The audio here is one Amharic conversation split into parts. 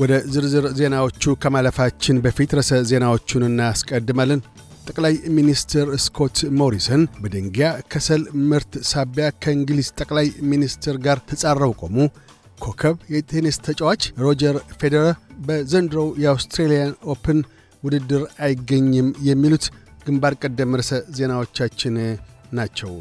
ወደ ዝርዝር ዜናዎቹ ከማለፋችን በፊት ርዕሰ ዜናዎቹን እናስቀድማለን። ጠቅላይ ሚኒስትር ስኮት ሞሪሰን በድንጊያ ከሰል ምርት ሳቢያ ከእንግሊዝ ጠቅላይ ሚኒስትር ጋር ተጻረው ቆሙ። ኮከብ የቴኒስ ተጫዋች ሮጀር ፌዴረር በዘንድሮው የአውስትሬልያን ኦፕን ውድድር አይገኝም። የሚሉት ግንባር ቀደም ርዕሰ ዜናዎቻችን ናቸው።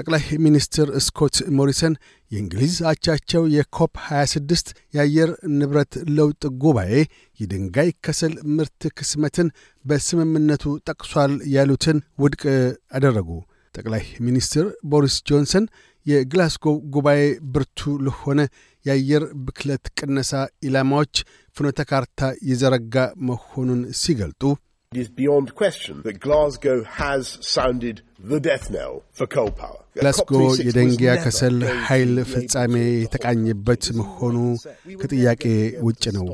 ጠቅላይ ሚኒስትር ስኮት ሞሪሰን የእንግሊዝ አቻቸው የኮፕ 26 የአየር ንብረት ለውጥ ጉባኤ የድንጋይ ከሰል ምርት ክስመትን በስምምነቱ ጠቅሷል ያሉትን ውድቅ አደረጉ። ጠቅላይ ሚኒስትር ቦሪስ ጆንሰን የግላስጎው ጉባኤ ብርቱ ለሆነ የአየር ብክለት ቅነሳ ኢላማዎች ፍኖተ ካርታ የዘረጋ መሆኑን ሲገልጡ It is beyond question that Glasgow has sounded the death knell for coal power. ግላስጎ የደንጊያ ከሰል ኃይል ፍጻሜ የተቃኘበት መሆኑ ከጥያቄ ውጭ ነው።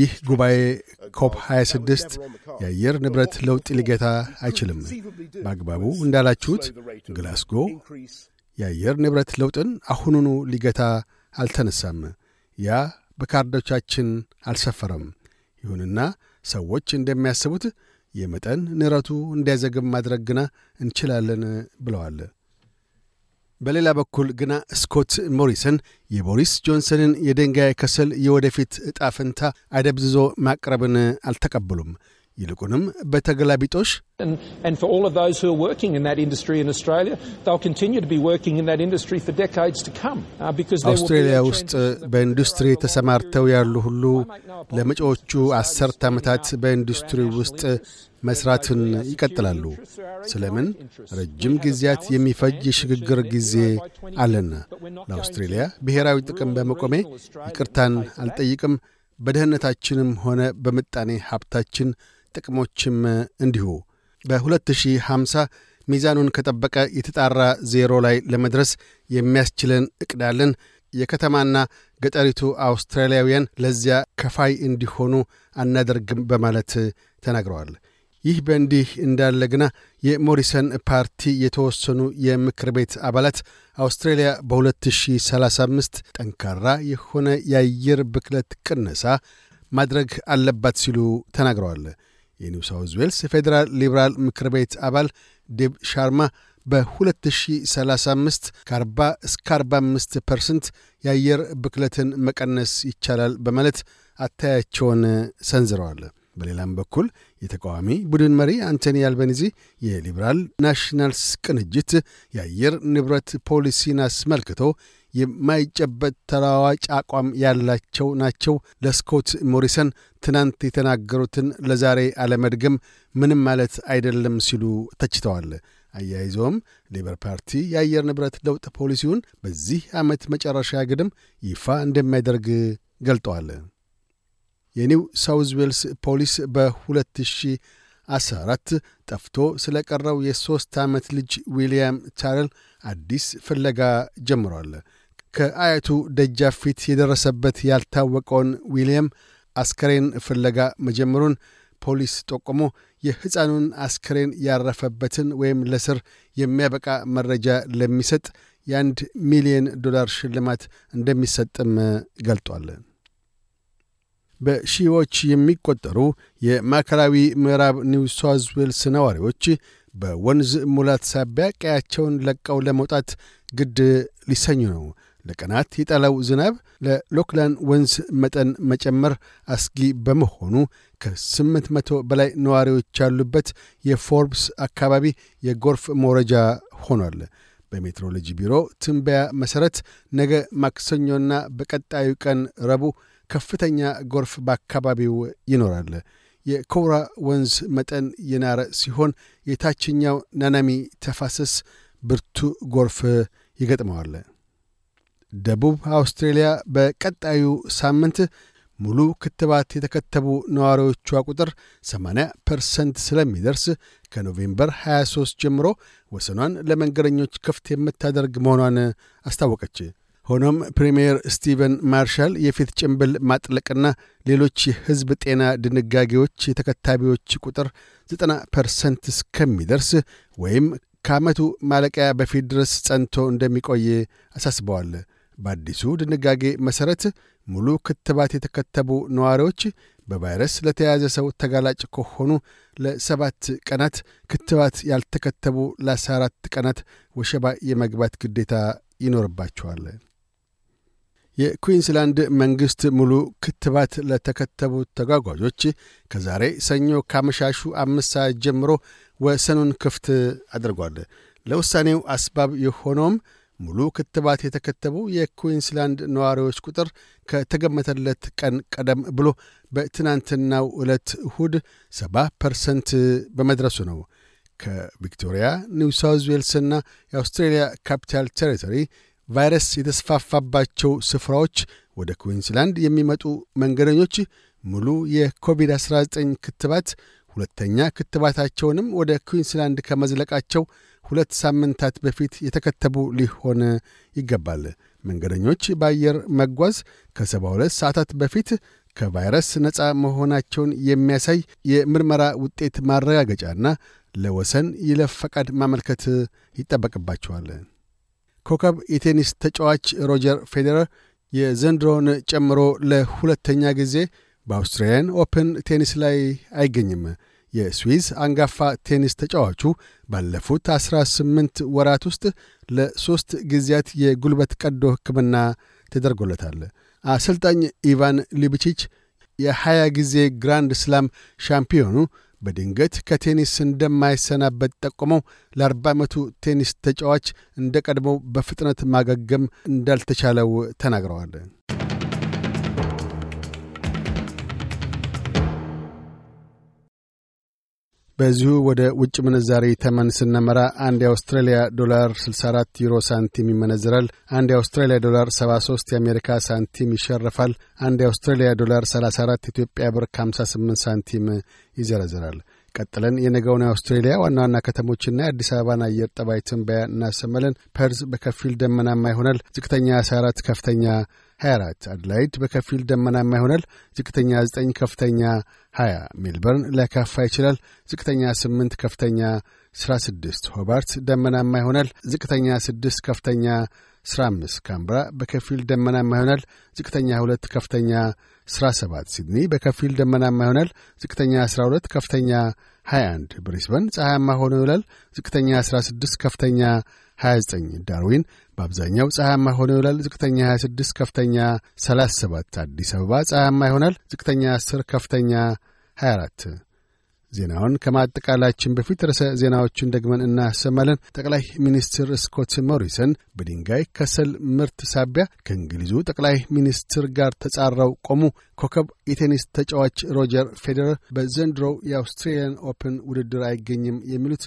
ይህ ጉባኤ ኮፕ 26 የአየር ንብረት ለውጥ ሊገታ አይችልም። በአግባቡ እንዳላችሁት ግላስጎ የአየር ንብረት ለውጥን አሁኑኑ ሊገታ አልተነሳም። ያ በካርዶቻችን አልሰፈረም። ይሁንና ሰዎች እንደሚያስቡት የመጠን ንረቱ እንዲያዘግብ ማድረግ ግና እንችላለን ብለዋል። በሌላ በኩል ግና ስኮት ሞሪሰን የቦሪስ ጆንሰንን የድንጋይ ከሰል የወደፊት እጣ ፈንታ አደብዝዞ ማቅረብን አልተቀበሉም። ይልቁንም በተገላቢጦሽ አውስትሬልያ uh, ውስጥ በኢንዱስትሪ ተሰማርተው ያሉ ሁሉ ለመጪዎቹ አሠርተ ዓመታት በኢንዱስትሪ ውስጥ መሥራትን ይቀጥላሉ። ስለምን ረጅም ጊዜያት የሚፈጅ የሽግግር ጊዜ አለን። ለአውስትሬልያ ብሔራዊ ጥቅም በመቆሜ ይቅርታን አልጠይቅም። በደህንነታችንም ሆነ በምጣኔ ሀብታችን ጥቅሞችም እንዲሁ በ2050 ሚዛኑን ከጠበቀ የተጣራ ዜሮ ላይ ለመድረስ የሚያስችለን እቅዳለን። የከተማና ገጠሪቱ አውስትራሊያውያን ለዚያ ከፋይ እንዲሆኑ አናደርግም በማለት ተናግረዋል። ይህ በእንዲህ እንዳለ ግና የሞሪሰን ፓርቲ የተወሰኑ የምክር ቤት አባላት አውስትራሊያ በ2035 ጠንካራ የሆነ የአየር ብክለት ቅነሳ ማድረግ አለባት ሲሉ ተናግረዋል። የኒው ሳውዝ ዌልስ የፌዴራል ሊበራል ምክር ቤት አባል ዴብ ሻርማ በ2035 ከ40 እስከ 45 ፐርሰንት የአየር ብክለትን መቀነስ ይቻላል በማለት አታያቸውን ሰንዝረዋል። በሌላም በኩል የተቃዋሚ ቡድን መሪ አንቶኒ አልበኒዚ የሊብራል ናሽናልስ ቅንጅት የአየር ንብረት ፖሊሲን አስመልክቶ የማይጨበጥ ተለዋዋጭ አቋም ያላቸው ናቸው። ለስኮት ሞሪሰን ትናንት የተናገሩትን ለዛሬ አለመድገም ምንም ማለት አይደለም ሲሉ ተችተዋል። አያይዘውም ሌበር ፓርቲ የአየር ንብረት ለውጥ ፖሊሲውን በዚህ ዓመት መጨረሻ ግድም ይፋ እንደሚያደርግ ገልጠዋል። የኒው ሳውዝ ዌልስ ፖሊስ በ2014 ጠፍቶ ስለ ቀረው የሦስት ዓመት ልጅ ዊልያም ታረል አዲስ ፍለጋ ጀምሯል። ከአያቱ ደጃፍ ፊት የደረሰበት ያልታወቀውን ዊልያም አስከሬን ፍለጋ መጀመሩን ፖሊስ ጠቁሞ የሕፃኑን አስከሬን ያረፈበትን ወይም ለስር የሚያበቃ መረጃ ለሚሰጥ የአንድ ሚሊዮን ዶላር ሽልማት እንደሚሰጥም ገልጧል። በሺዎች የሚቆጠሩ የማዕከላዊ ምዕራብ ኒው ሳውዝ ዌልስ ነዋሪዎች በወንዝ ሙላት ሳቢያ ቀያቸውን ለቀው ለመውጣት ግድ ሊሰኙ ነው። ለቀናት የጣለው ዝናብ ለሎክላን ወንዝ መጠን መጨመር አስጊ በመሆኑ ከ800 በላይ ነዋሪዎች ያሉበት የፎርብስ አካባቢ የጎርፍ መውረጃ ሆኗል። በሜትሮሎጂ ቢሮ ትንበያ መሠረት ነገ ማክሰኞና በቀጣዩ ቀን ረቡ ከፍተኛ ጎርፍ በአካባቢው ይኖራል። የኮውራ ወንዝ መጠን የናረ ሲሆን የታችኛው ናናሚ ተፋሰስ ብርቱ ጎርፍ ይገጥመዋል። ደቡብ አውስትሬልያ በቀጣዩ ሳምንት ሙሉ ክትባት የተከተቡ ነዋሪዎቿ ቁጥር 80 ፐርሰንት ስለሚደርስ ከኖቬምበር 23 ጀምሮ ወሰኗን ለመንገደኞች ክፍት የምታደርግ መሆኗን አስታወቀች። ሆኖም ፕሪምየር ስቲቨን ማርሻል የፊት ጭንብል ማጥለቅና ሌሎች የሕዝብ ጤና ድንጋጌዎች የተከታቢዎች ቁጥር 90 ፐርሰንት እስከሚደርስ ወይም ከዓመቱ ማለቂያ በፊት ድረስ ጸንቶ እንደሚቆይ አሳስበዋል። በአዲሱ ድንጋጌ መሠረት ሙሉ ክትባት የተከተቡ ነዋሪዎች በቫይረስ ለተያዘ ሰው ተጋላጭ ከሆኑ ለሰባት ቀናት ክትባት ያልተከተቡ ለአስራ አራት ቀናት ወሸባ የመግባት ግዴታ ይኖርባቸዋል። የኩዊንስላንድ መንግሥት ሙሉ ክትባት ለተከተቡ ተጓጓዦች ከዛሬ ሰኞ ካመሻሹ አምስት ሰዓት ጀምሮ ወሰኑን ክፍት አድርጓል። ለውሳኔው አስባብ የሆነውም ሙሉ ክትባት የተከተቡ የኩዊንስላንድ ነዋሪዎች ቁጥር ከተገመተለት ቀን ቀደም ብሎ በትናንትናው ዕለት እሁድ 70 ፐርሰንት በመድረሱ ነው። ከቪክቶሪያ ኒው ሳውዝ ዌልስና የአውስትሬልያ ካፒታል ቴሪቶሪ ቫይረስ የተስፋፋባቸው ስፍራዎች ወደ ኩዊንስላንድ የሚመጡ መንገደኞች ሙሉ የኮቪድ-19 ክትባት ሁለተኛ ክትባታቸውንም ወደ ኩዊንስላንድ ከመዝለቃቸው ሁለት ሳምንታት በፊት የተከተቡ ሊሆን ይገባል። መንገደኞች በአየር መጓዝ ከሰባ ሁለት ሰዓታት በፊት ከቫይረስ ነፃ መሆናቸውን የሚያሳይ የምርመራ ውጤት ማረጋገጫና ለወሰን ይለፍ ፈቃድ ማመልከት ይጠበቅባቸዋል። ኮከብ የቴኒስ ተጫዋች ሮጀር ፌዴረር የዘንድሮን ጨምሮ ለሁለተኛ ጊዜ በአውስትራሊያን ኦፕን ቴኒስ ላይ አይገኝም። የስዊዝ አንጋፋ ቴኒስ ተጫዋቹ ባለፉት 18 ወራት ውስጥ ለሦስት ጊዜያት የጉልበት ቀዶ ሕክምና ተደርጎለታል። አሰልጣኝ ኢቫን ሊብቺች የ20 ጊዜ ግራንድ ስላም ሻምፒዮኑ በድንገት ከቴኒስ እንደማይሰናበት ጠቁመው ለ40 ዓመቱ ቴኒስ ተጫዋች እንደ ቀድሞው በፍጥነት ማገገም እንዳልተቻለው ተናግረዋል። በዚሁ ወደ ውጭ ምንዛሪ ተመን ስነመራ አንድ የአውስትራሊያ ዶላር 64 ዩሮ ሳንቲም ይመነዝራል። አንድ የአውስትራሊያ ዶላር 73 የአሜሪካ ሳንቲም ይሸርፋል። አንድ የአውስትራሊያ ዶላር 34 ኢትዮጵያ ብር 58 ሳንቲም ይዘረዝራል። ቀጥለን የነገውን የአውስትሬሊያ ዋና ዋና ከተሞችና የአዲስ አበባን አየር ጠባይ ትንበያ እናሰመለን። ፐርዝ በከፊል ደመናማ ይሆናል። ዝቅተኛ 14፣ ከፍተኛ 24 አድላይድ በከፊል ደመናማ ይሆናል። ዝቅተኛ 9 ከፍተኛ 20 ሜልበርን ሊያካፋ ይችላል። ዝቅተኛ 8 ከፍተኛ 16 ሆባርት ደመናማ ይሆናል። ዝቅተኛ 6 ከፍተኛ 15 ካምብራ በከፊል ደመናማ ይሆናል። ዝቅተኛ 2 ከፍተኛ 17 ሲድኒ በከፊል ደመናማ ይሆናል። ዝቅተኛ 12 ከፍተኛ 21 ብሪስበን ፀሐያማ ሆኖ ይውላል። ዝቅተኛ 16 ከፍተኛ 29 ዳርዊን በአብዛኛው ፀሐያማ ሆኖ ይውላል። ዝቅተኛ 26፣ ከፍተኛ 37። አዲስ አበባ ፀሐያማ ይሆናል። ዝቅተኛ 10፣ ከፍተኛ 24። ዜናውን ከማጠቃላችን በፊት ርዕሰ ዜናዎችን ደግመን እናሰማለን። ጠቅላይ ሚኒስትር ስኮት ሞሪሰን በድንጋይ ከሰል ምርት ሳቢያ ከእንግሊዙ ጠቅላይ ሚኒስትር ጋር ተጻረው ቆሙ። ኮከብ የቴኒስ ተጫዋች ሮጀር ፌዴረር በዘንድሮው የአውስትሬልያን ኦፕን ውድድር አይገኝም። የሚሉት